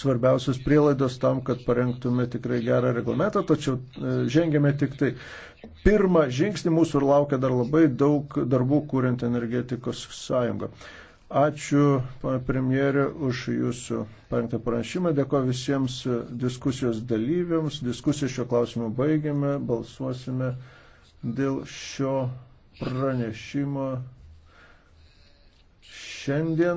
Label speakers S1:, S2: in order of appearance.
S1: svarbiausios prielaidos tam, kad parengtume tikrai gerą reglamentą, tačiau e, žengėme tik tai pirmą žingsnį, mūsų ir laukia dar labai daug darbų kuriant energetikos sąjungą. Ačiū, pana premjerė, už jūsų parengtą pranešimą. Dėkuoju visiems diskusijos dalyviams. Diskusiją šio klausimu baigiame. Balsuosime dėl šio pranešimo
S2: šiandien.